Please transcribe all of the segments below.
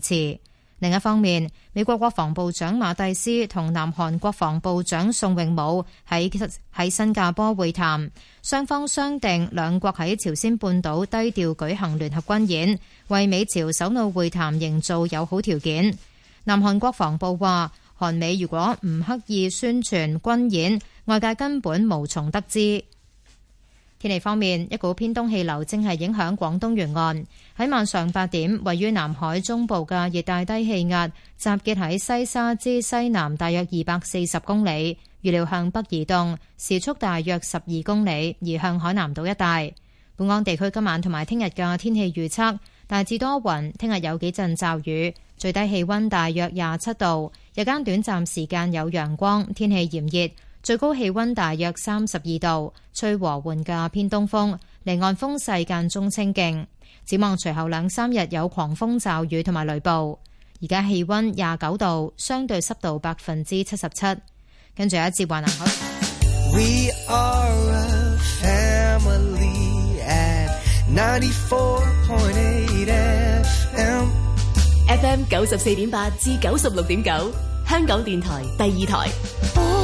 其次，另一方面，美國國防部長馬蒂斯同南韓國防部長宋永武喺喺新加坡會談，雙方商定兩國喺朝鮮半島低調舉行聯合軍演，為美朝首腦會談營造友好條件。南韓國防部話，韓美如果唔刻意宣傳軍演，外界根本無從得知。天氣方面，一股偏東氣流正係影響廣東沿岸。喺晚上八點，位於南海中部嘅熱帶低氣壓集結喺西沙之西南，大約二百四十公里，預料向北移動，時速大約十二公里，移向海南島一帶。本港地區今晚同埋聽日嘅天氣預測大致多雲，聽日有幾陣驟雨，最低氣溫大約廿七度，日間短暫時間有陽光，天氣炎熱。最高氣溫大約三十二度，吹和緩嘅偏東風，離岸風勢間中清勁。展望隨後兩三日有狂風驟雨同埋雷暴。而家氣溫廿九度，相對濕度百分之七十七。跟住有一節華南口。We are a family at FM 九十四點八至九十六點九，9, 香港電台第二台。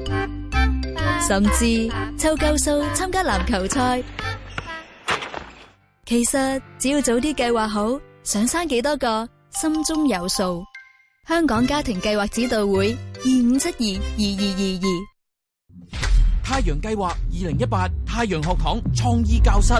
甚至湊夠數參加籃球賽，其實只要早啲計劃好，想生幾多個，心中有數。香港家庭計劃指導會二五七二二二二二，22 22太陽計劃二零一八太陽學堂創意教室。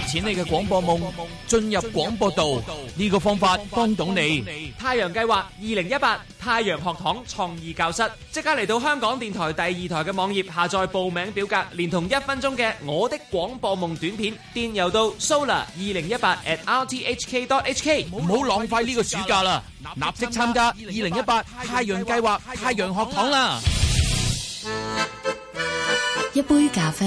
實現你嘅廣播夢，進入廣播道呢個方法幫到你。太陽計劃二零一八太陽學堂創意教室，即刻嚟到香港電台第二台嘅網頁下載報名表格，連同一分鐘嘅我的廣播夢短片，電郵到 solar 二零一八 at rthk dot h k。唔好浪費呢個暑假啦，立即參加二零一八太陽計劃太陽學堂啦。一杯咖啡。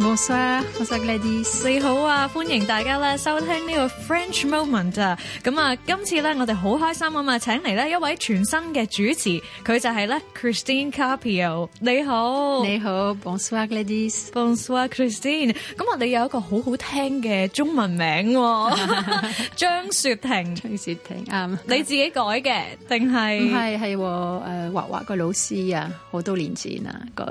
Bonsoir, ladies, 你好啊，歡迎大家咧收聽呢個 French Moment 啊。咁啊，今次咧我哋好開心啊嘛，請嚟咧一位全新嘅主持，佢就係咧 Christine Carpio。你好，你好 Bonsoir, ladies, Bonsoir, Christine. 咁我哋有一個好好聽嘅中文名，哦，張 雪婷，張雪婷，啱。你自己改嘅定係？係，係誒畫畫個老師啊，好多年前啊改。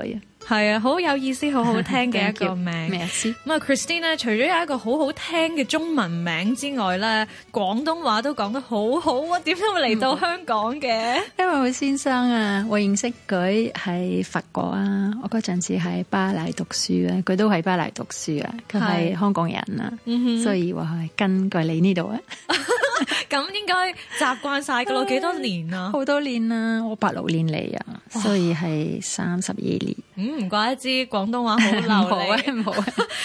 係啊，好有意思，好好聽嘅一個名字。咩詩？咁啊，Christine 咧，除咗有一個好好聽嘅中文名之外咧，廣東話都講得好好啊！點解會嚟到香港嘅？ 因為我先生啊，我認識佢喺法國啊，我嗰陣時喺巴黎讀書啊，佢都喺巴黎讀書啊，佢係香港人啊， 所以話係根據你呢度啊，咁 應該習慣晒噶咯，幾多年啊？好 多年啊。我八六年嚟啊，所以係三十二年。嗯，唔怪得之廣東話好流利。好啊，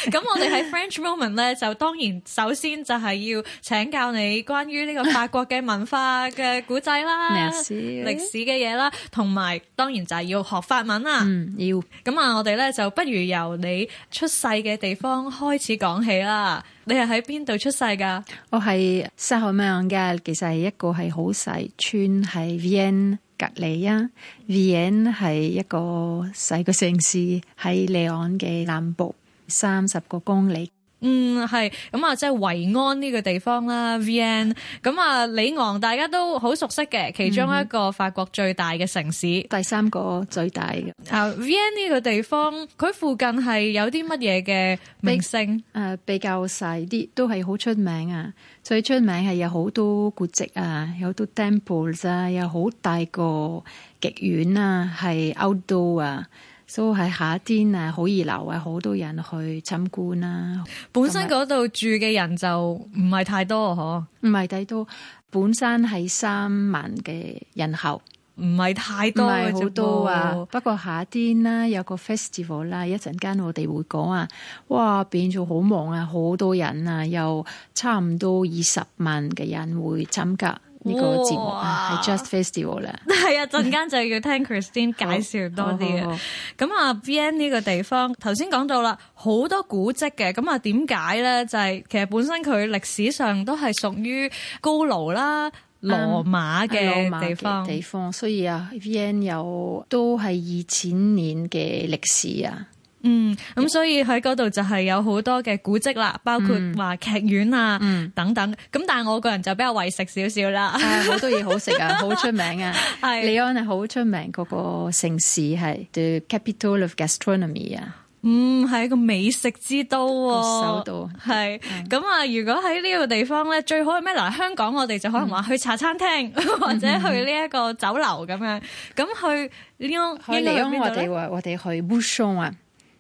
咁、啊、 我哋喺 French moment 咧， 就當然首先就係要請教你關於呢個法國嘅文化嘅古仔啦，歷 Merci. 史史嘅嘢啦，同埋當然就係要學法文啦。嗯、要咁啊，我哋咧就不如由你出世嘅地方開始講起啦。你係喺邊度出世噶？我係西罕麥昂嘅，其實係一個係好細村，係 Vienne。隔離啊 Vienne 係一個細個城市，喺里昂嘅南部三十個公里。嗯，係咁啊，即係維安呢個地方啦，Vn，咁啊，里昂大家都好熟悉嘅，其中一個法國最大嘅城市，嗯，第三個最大嘅。啊，Vn 呢個地方，佢 附近係有啲乜嘢嘅名勝？誒、呃，比較細啲，都係好出名啊！最出名係有好多古蹟啊，有好多 temples 啊，有好大個劇院啊，係 outdoor 啊。所以喺夏天啊，好熱鬧啊，好多人去參觀啦。本身嗰度住嘅人就唔係太多，嗬、嗯，唔係太多。本身係三萬嘅人口，唔係太多，唔係好多啊。不，不過夏天啦，有個 festival 啦，一陣間我哋會講啊，哇變咗好忙啊，好多人啊，又差唔多二十萬嘅人會參加。呢個節目係 Just Festival 咧，係啊！陣間、啊、就要聽 Christine 介紹多啲。咁啊，Vienne 呢個地方頭先講到啦，好多古蹟嘅。咁啊，點解咧？就係、係、其實本身佢歷史上都係屬於高盧啦、羅馬嘅地方，嗯、馬地方所以啊 Vienne 有都係二千年嘅歷史啊。嗯，咁所以喺嗰度就係有好多嘅古蹟啦，包括話劇院啊、嗯、等等。咁但係我個人就比較為食少少啦，很多好多嘢好食啊，好出 名啊。是里昂係好出名嗰、嗰個城市係 The Capital of Gastronomy 啊，嗯，係一個美食之都、啊。首都係咁啊！是嗯、如果喺呢個地方咧，最好係咩？嗱，香港我哋就可能話去茶餐廳、嗯、或者去呢一個酒樓咁樣，咁、嗯、去，利去里昂，利說去里我哋話我哋去 Bouchon 啊。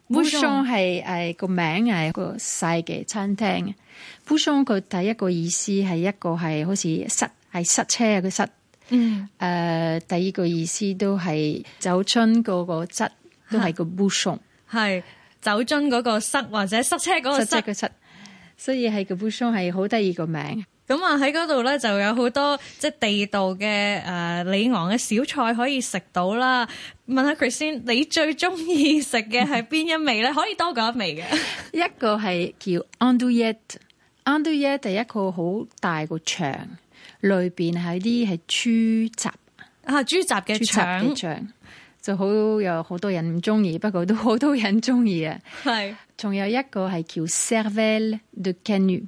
Bouchon 係誒個名，係個細嘅餐廳 Bouchon，佢第一個意思係一個係好似塞、係塞車啊個塞，嗯誒、呃、第二個意思都係酒樽嗰個塞，都係個 Bouchon，係酒樽嗰個塞或者塞車嗰個塞，塞，車塞，所以係個 Bouchon 係好得意個名。咁啊，喺嗰度咧就有好多即係地道嘅誒、呃、里昂嘅小菜可以食到啦。問下 Chris 先，你最中意食嘅係邊一味咧？ 可以多過一味嘅。一個係叫 Andouillet，Andouillet 第一個好大個腸，裏邊係啲係豬雜，啊，豬雜嘅腸就好有好多人唔中意，不過都好多人中意啊。仲是有一個係叫 Cervelle de Canu。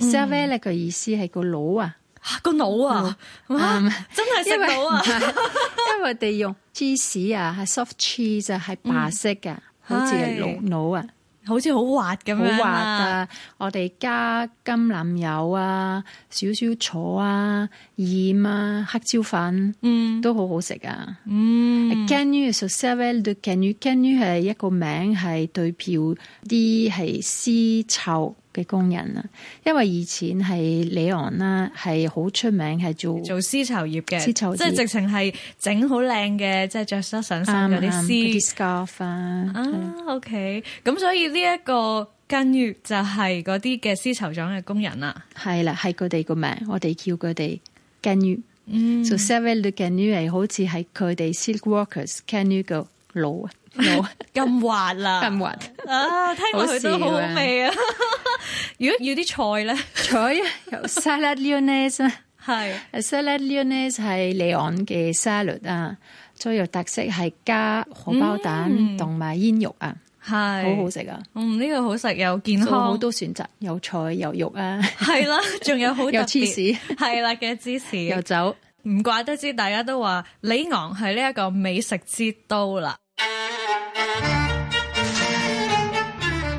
Servele 嘅意思係個腦啊，個腦啊，真係食腦啊！因為我哋用芝士啊，係 soft cheese 就係白色嘅，好似係腦腦啊，好似好滑嘅好滑啊！我哋加橄欖油啊，少少醋啊，鹽啊，黑椒粉，嗯，都好好食啊。嗯，canu y 就 servele 嘅 c a n u c n u 係一個名係對票啲係絲綢嘅工人啊，因為以前係里昂啦，係好出名係做做絲綢業嘅，業即係直情係整好靚嘅，即係著得上身嗰啲絲。嗯嗯、啊，啊的，OK，咁所以呢一個金就係嗰啲嘅絲綢廠嘅工人啦，係啦，係佢哋個名，我哋叫佢哋金玉。嗯，Seville 嘅金好似係佢哋 Silk Workers c a n 金玉嘅佬。冇咁滑啦，咁滑啊！聽落去都好好味啊！如果要啲菜咧，菜有 Salad Leonese，係 Salad Leonese 係利昂嘅 salad 啊，最有特色係加荷包蛋同埋煙肉啊，係好好食啊！嗯，呢個好食又健康，好多選擇，有菜有肉啊，係啦，仲有好多芝士，係啦嘅芝士，又酒，唔怪得知大家都話利昂係呢一個美食之都啦。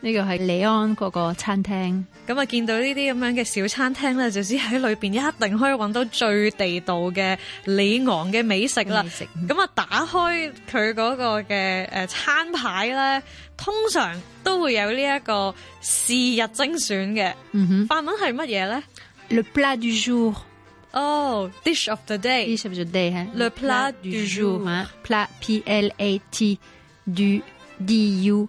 呢個係里昂嗰個餐廳，咁啊見到呢啲咁樣嘅小餐廳咧，就知喺裏邊一定可以揾到最地道嘅里昂嘅美食啦。咁啊，嗯、打開佢嗰個嘅誒餐牌咧，通常都會有呢一個是日精選嘅。嗯、哼法文係乜嘢咧？Le plat du jour。哦、oh,，dish of the day，dish of the day plat du jour Le plat, hein? p l a p l a t du d u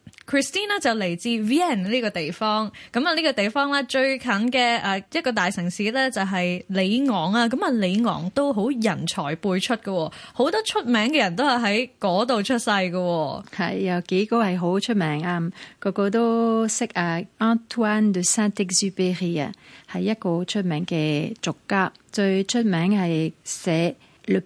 Christine 就嚟自 Vienne 呢個地方，咁啊呢個地方咧最近嘅一個大城市咧就係里昂啊，咁啊里昂都好人才輩出嘅，好多出名嘅人都係喺嗰度出世嘅。係有幾個係好出名啊，個個都識啊 Antoine de Saint-Exupéry 啊，係一個好出名嘅作家，最出名係寫。Le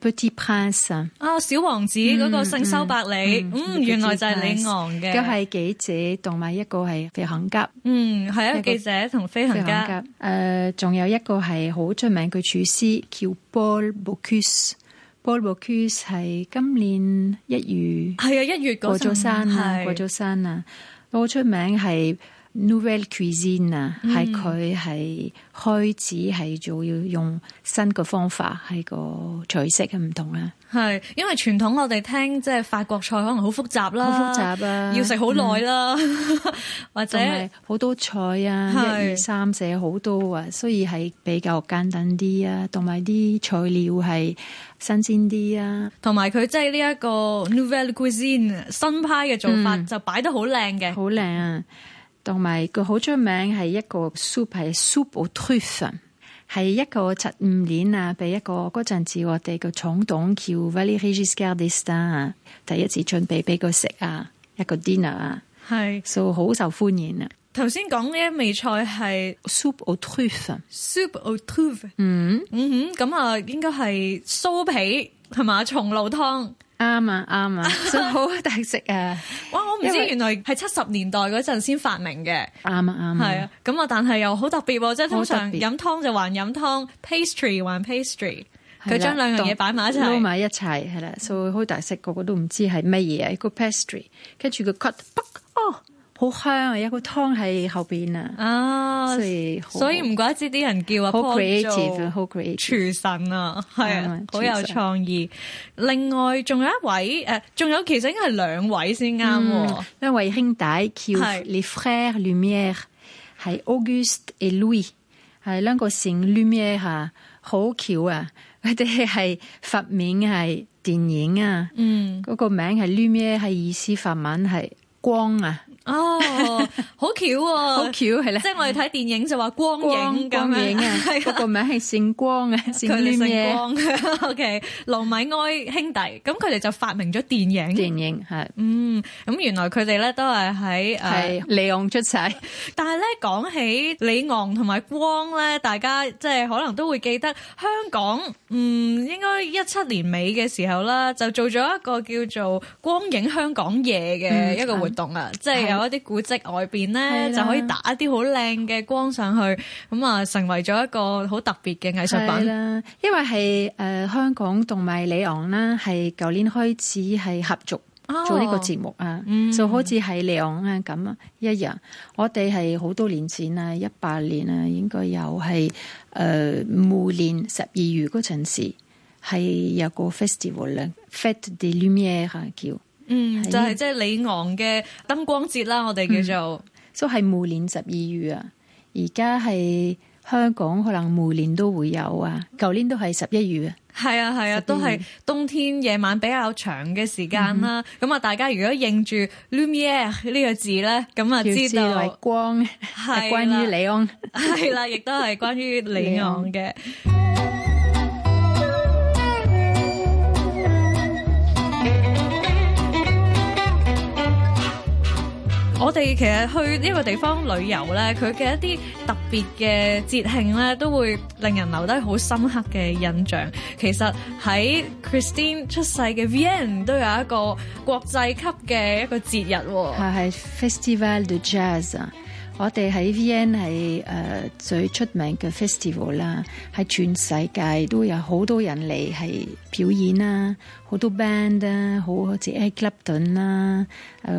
哦《小王子》嗰、嗯、個聖修伯里，嗯，嗯 Pet 原來就係李昂嘅。佢係記者同埋一個係飛行家。嗯，係啊，記者同飛行家。誒，仲有一個係好出名嘅廚師，叫 Paul Bocuse。Paul Bocuse 係今年一月。係啊，一月過咗身，過咗身啊！好出是、啊、名係。Nouvelle cuisine 啊、嗯，係佢係開始係做要用新嘅方法，係個取式嘅唔同啊。係因為傳統我哋聽即係法國菜可能好複雜啦，好複雜啊，要食好耐啦，嗯、或者好多菜啊，一二三四好多啊，所以係比較簡單啲啊，同埋啲材料係新鮮啲啊，同埋佢即係呢一個 Nouvelle cuisine 新派嘅做法、嗯、就擺得好靚嘅，好靚啊！同埋佢好出名係一個 soup 係 soupe aux truffes，係一個七五年啊，俾一個嗰陣時我哋嘅總統叫 Valerie Giscard d'Estaing 啊，第一次準備俾佢食啊，一個 dinner 啊，係是，所以好受歡迎啊。頭先講呢一味菜係 soupe aux truffes，soupe aux truffes，嗯、mm hmm、嗯哼，咁啊應該係酥皮同埋松露湯。啱啊啱啊，好大食啊！ 啊哇，我唔知道為原來係七十年代嗰陣先發明嘅。啱啊啱啊，係啊，咁啊，但係又好特別喎、啊，即係通常飲湯就還飲湯，pastry 還 pastry，佢將、啊、兩樣嘢擺埋一齊，攞埋一齊，係啦、啊，所以好大食，個個都唔知係乜嘢啊，係個 pastry，跟住個 cut 哦！好香啊！有一個湯喺後邊啊，所以好，所以唔怪之啲人叫啊，好 creative 好 creative 廚神啊，係啊，好、嗯、有創意。另外仲有一位誒，仲、呃、有其實應該係兩位先啱、啊。一、嗯、位兄弟叫《Les Frères Lumière》，係 Auguste et Louis。誒，兩個姓 Lumière 啊，好巧啊。佢哋係發明係電影啊，嗯，嗰個名係 Lumière 係意思是法文係光啊。哦，好巧喎，好巧係啦，即係我哋睇電影就話光影咁，係個名係《聖光》啊，《聖光》OK，盧米埃兄弟，咁佢哋就發明咗電影，電影係，嗯，咁原來佢哋咧都係喺誒，李昂出世，但係咧講起李昂同埋光咧，大家即係可能都會記得香港，嗯，應該一七年尾嘅時候啦，就做咗一個叫做《光影香港夜》嘅一個活動啊，即係。有一啲古跡外邊咧，的就可以打一啲好靚嘅光上去，咁啊，成為咗一個好特別嘅藝術品啦，因為係誒、呃、香港同埋里昂啦，係舊年開始係合作、哦、做呢個節目啊，就、嗯、好似係里昂啊咁一樣。嗯、我哋係好多年前啊，一八年啊，應該、呃、有係誒，每年十二月嗰陣時係有個 festival，Fête des Lumières 叫。嗯，就係即係里昂嘅燈光節啦，是我哋叫做，都係每年十二月，現在月啊。而家係香港可能每年都會有啊，舊年月都係十一月啊。係啊係啊，都係冬天夜晚比較長嘅時間啦。咁啊、嗯，大家如果認住 Lumiere 呢個字咧，咁啊知道光係、啊、關於里、 啊、昂，係啦，亦都係關於里昂嘅。我哋其實去呢個地方旅遊咧，佢嘅一啲特別嘅節慶咧，都會令人留低好深刻嘅印象。其實喺 Christine 出世嘅 Vienne，都有一個國際級嘅一個節日。係 Festival de Jazz。我哋喺 V N 係最出名嘅 Festival 啦，喺全世界都有好多人嚟係表演啦，好多 band 啦，好似 A club n 啦，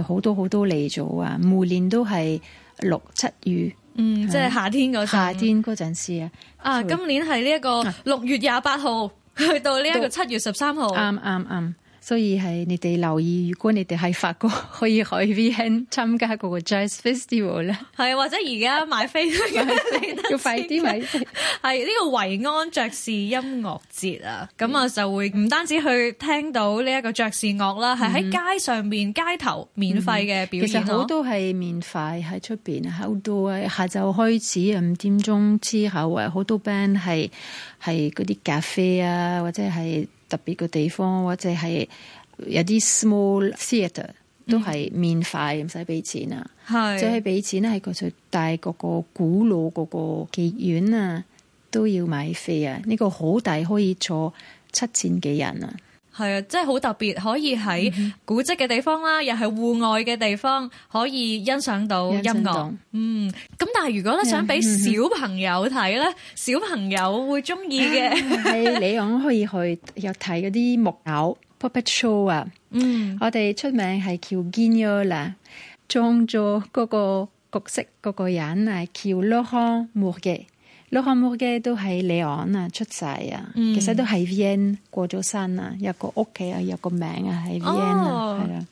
好多好多嚟咗啊！每年都係六七月，嗯，即係夏天嗰陣，夏天嗰陣時啊，嗯、以啊，今年係呢一個六月廿八號去到呢一個七月十三號，啱啱啱。嗯嗯嗯。所以係你哋留意，如果你哋喺法國，可以去 V N 參加嗰個 Jazz Festival 咧。係或者而家買飛都 要快啲買。呢、 呢個維安爵士音樂節啊，咁啊、嗯、就會唔單止去聽到呢一個爵士樂啦，係喺、嗯、街上面、街頭免費嘅表演、嗯、其實好多係免費喺出邊，好、啊、多啊，下晝開始五點鐘之後啊，好多 band 係係嗰啲咖啡啊，或者係。特別個地方或者係有啲 small theatre 都係免費唔使俾錢啊，係，即係俾錢喺個最大嗰個古老嗰個劇院啊都要買飛啊。呢個好大可以坐七千幾人啊。係啊，即係好特別，可以喺古蹟嘅地方啦，嗯、哼又係戶外嘅地方，可以欣賞到音樂。嗯，咁但係如果咧想俾小朋友睇咧，嗯、哼小朋友會中意嘅。係，你可以去又睇嗰啲木偶，puppet show 啊。 嗯，我哋出名係叫 Guignol 啦，裝咗嗰個角色嗰個人係叫 Laurent Mourguet 嘅。老漢姆嘅都喺里昂啊出世啊，嗯、其實都喺 vn 過咗身啊，有個屋企啊，有個名啊喺 vn 啊，係啊、哦，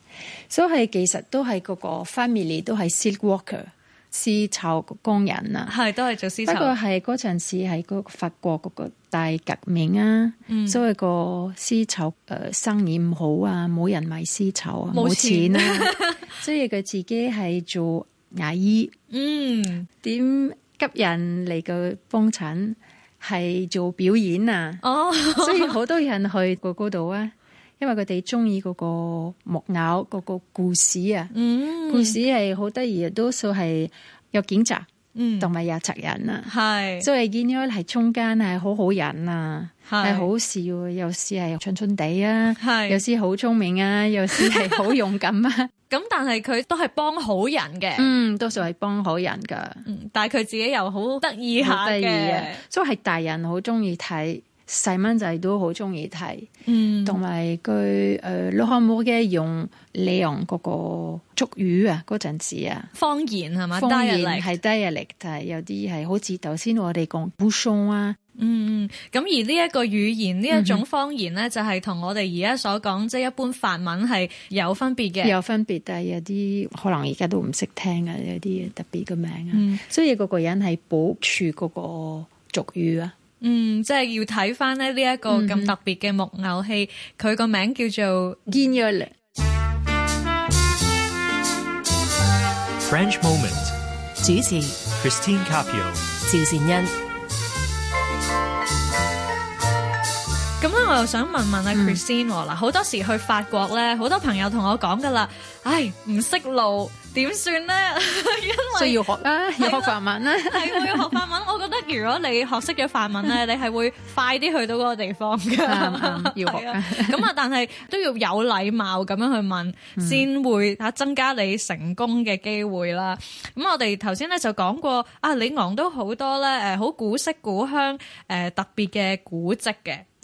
所以其實都係嗰個 family 都係 silk worker 絲綢工人啊，係都係做絲綢。不過係嗰陣時係個法國嗰個大革命啊，嗯、所以個絲綢誒生意唔好啊，冇人買絲綢，冇錢、錢啊， 所以佢自己係做牙醫。嗯，點？吸引嚟嘅幫襯係做表演啊，oh. 所以好多人去嗰度啊，因為佢哋中意嗰個木偶嗰、嗰個故事啊，mm. 故事係好得意，多數係有警察，嗯、mm.，同埋有賊人啊，係，所以見咗係中間係好好人啊，係、mm. 好笑，有時係蠢蠢地啊，係，有時好聰明啊，有時係好勇敢啊。 咁但係佢都係幫好人嘅，嗯，多數係幫好人噶，嗯，但係佢自己又好得意下嘅、得意啊，所以係大人好中意睇，細蚊仔都好中意睇，嗯，同埋佢誒，老漢母嘅用利用嗰個俗語啊，嗰陣時啊，方言係嘛，方言係 dialect，但係有啲係好似頭先我哋講古松啊。嗯，咁而呢一個語言呢一、嗯、哼種方言咧，就係、是、同我哋而家所講即係一般法文係有分別嘅。有分別，但係有啲可能而家都唔識聽嘅，有啲特別嘅名啊。所以個個人係保住嗰個俗語啊。嗯，即、就、係、是、要睇翻咧呢一個咁特別嘅木偶戲，佢個、嗯、哼名叫做 Guignol。French Moment 主持 Christine Cappio 趙善恩。咁咧，我又想問問啊，Crispin 嗱，好多時去法國咧，好多朋友同我講噶啦，唉，唔識路點算咧？所以要學啊，要學法文啦。係我要學法文，我覺得如果你學識咗法文咧，你係會快啲去到嗰個地方噶。要學咁啊，但係都要有禮貌咁樣去問，先會啊增加你成功嘅機會啦。咁我哋頭先咧就講過啊，里昂都好多咧，誒，好古色古香誒，特別嘅古蹟嘅。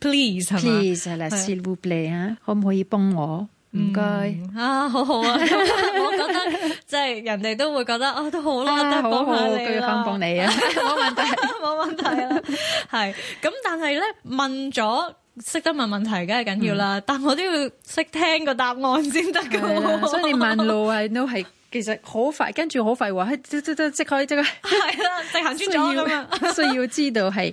Please 係嘛？Please 係啦，Silv，please 嚇，可唔可以幫我？唔該啊，好好啊，我覺得即係人哋都會覺得啊，都好啦，都要幫幫你啊，冇問題，冇問題啊，係咁，但係咧問咗識得問問題梗係緊要啦，但我都要識聽個答案先得噶。所以問路係 no 係，其實好快跟住好快話，即即即即可以即係。係啦，直行轉左咁啊，需要知道係。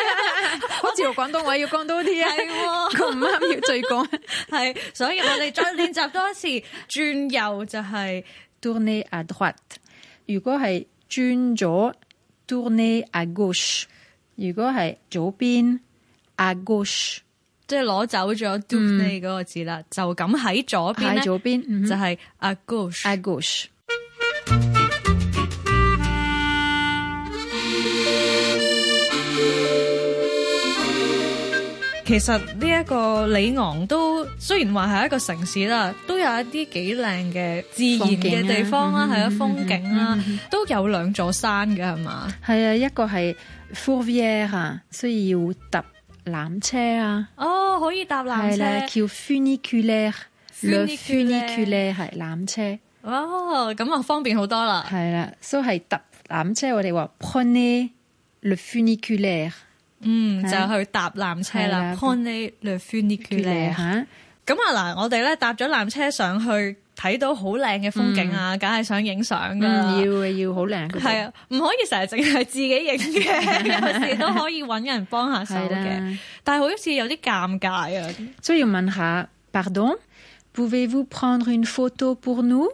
好似用廣東話要講多啲喎，咁啱、 啊、要再講，係， 所以我哋再練習多一次，轉右就係 tourne à droite 如果係轉左，tourne à gauche 如果係左邊 à gauche 即係攞走咗 tourne 嗰、那個字啦，mm. 就咁喺左邊咧，左邊 mm hmm. 就係 à gauche 其實呢一個里昂都雖然話係一個城市啦，都有一啲幾靚嘅自然嘅地方啦，係啊風景啦、啊，都有兩座山㗎係嘛？係啊，一個係 Fourvière 嚇，es, 所以要搭纜車啊。哦，可以搭纜車，叫 funiculaire，funiculaire 係纜車。哦，咁啊方便好多啦。係啦，所以係搭纜車。我哋話，prenez le funiculaire。嗯，嗎就去搭纜車啦 funicular 吓，咁啊嗱，e 嗯、我哋咧搭咗纜車上去，睇到好靚嘅風景啊，梗係、嗯、想影相噶啦，要嘅要，好靚嘅。係啊，唔可以成日淨係自己影嘅， 有時都可以搵人幫下手嘅。 的但係好似有啲尷尬啊。所以要問吓 pardon？Pouvez-vous prendre une photo pour nous？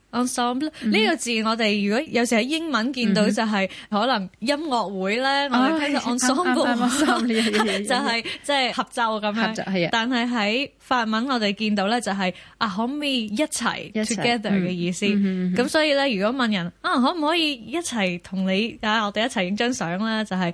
ensemble 呢、mm hmm. 個字我哋如果有時喺英文見到就係、是 mm hmm. 可能音樂會咧，oh, 我哋聽到 ensemble yeah, yeah, yeah, yeah. 就係即係合奏咁樣。合奏啊！是但係喺法文我哋見到咧就係啊可唔可以一齊 together 嘅 意思。咁、mm hmm. 所以咧，如果問人啊可唔可以一齊同你啊我哋一齊影張相咧，就係、是。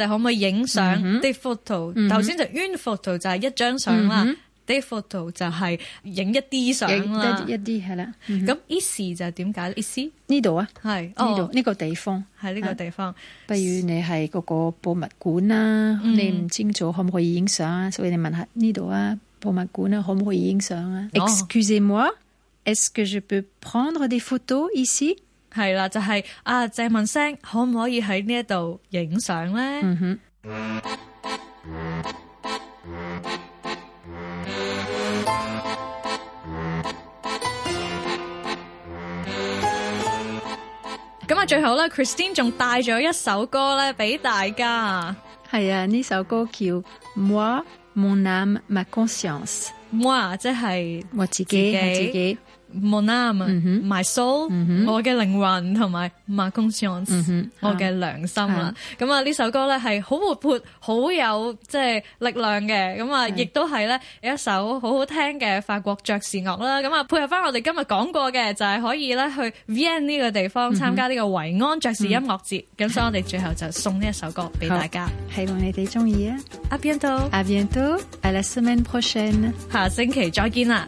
就可唔可以影相？Des photos 頭先就 une photo 就係一張相啦，des photos 就係影一啲相啦，一啲係啦。咁 ici 就點解？ici 呢度啊，係呢度呢個地方，係呢個地方。比如你係嗰個博物館啊，你唔清楚可唔可以影相啊？所以你問下呢度啊，博物館啊可唔可以影相啊？Excusez-moi，est-ce que je peux prendre des photos ici？係啦，就係、是、啊，借問聲，可唔可以喺呢一度影相咧？嗯哼、mm。咁啊，最後咧，Christine 仲帶咗一首歌咧，俾大家。係啊，呢首歌叫《Moi, mon âme, ma conscience》哇，即係我自己，自己。 啊嗯嗯嗯嗯 Mon âme、mm hmm. my soul，、mm hmm. 我嘅靈魂同埋 my conscience，、mm hmm. 我嘅良心啦。咁啊，呢首歌咧係好活潑，好有即係力量嘅。咁啊，是亦都係咧有一首好好聽嘅法國爵士樂啦。咁啊，配合翻我哋今日講過嘅，就係、是、可以咧去 Vienne 呢個地方參、mm hmm. 加呢個維安爵士音樂節。咁、mm hmm. 所以我哋最後就送呢一首歌俾大家，希望你哋中意啊！A bientôt，A bientôt，À la semaine prochaine，下星期再見啦！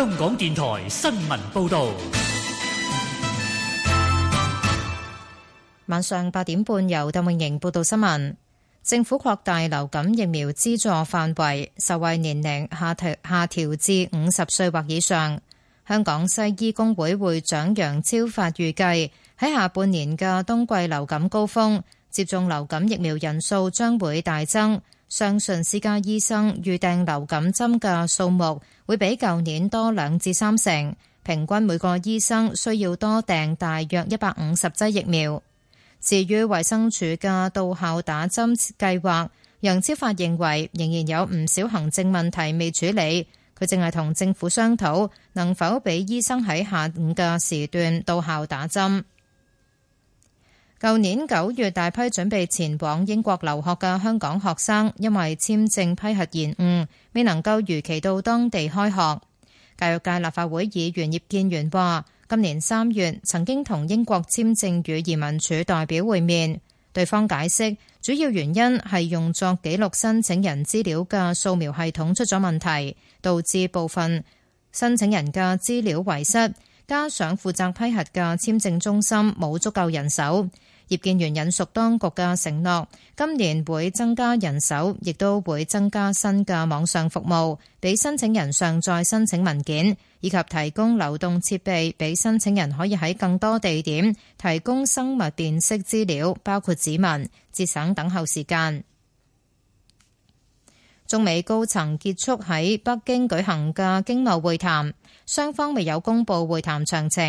香港電台新聞報道，晚上八點半由鄧穎瑩報道新聞。政府擴大流感疫苗資助範圍，受惠年齡下調下調至五十歲或以上。香港西醫工會會長楊超發預計，喺下半年嘅冬季流感高峰，接種流感疫苗人數將會大增。相信私家醫生預訂流感針嘅數目會比舊年多兩至三成，平均每個醫生需要多訂大約一百五十劑疫苗。至於衛生署嘅到校打針計劃，楊超發認為仍然有唔少行政問題未處理，佢淨係同政府商討能否俾醫生喺下午嘅時段到校打針。舊年九月，大批準備前往英國留學嘅香港學生，因為簽證批核延誤，未能夠如期到當地開學。教育界立法會議員葉建源話，今年三月曾經同英國簽證與移民署代表會面，對方解釋，主要原因係用作記錄申請人資料嘅掃描系統出咗問題，導致部分申請人嘅資料遺失，加上負責批核嘅簽證中心冇足夠人手。葉建源引述當局嘅承諾，今年會增加人手，亦都會增加新嘅網上服務，俾申請人上載申請文件，以及提供流動設備俾申請人可以喺更多地點提供生物辨識資料，包括指紋，節省等候時間。中美高層結束喺北京舉行嘅經貿會談，雙方未有公佈會談詳情。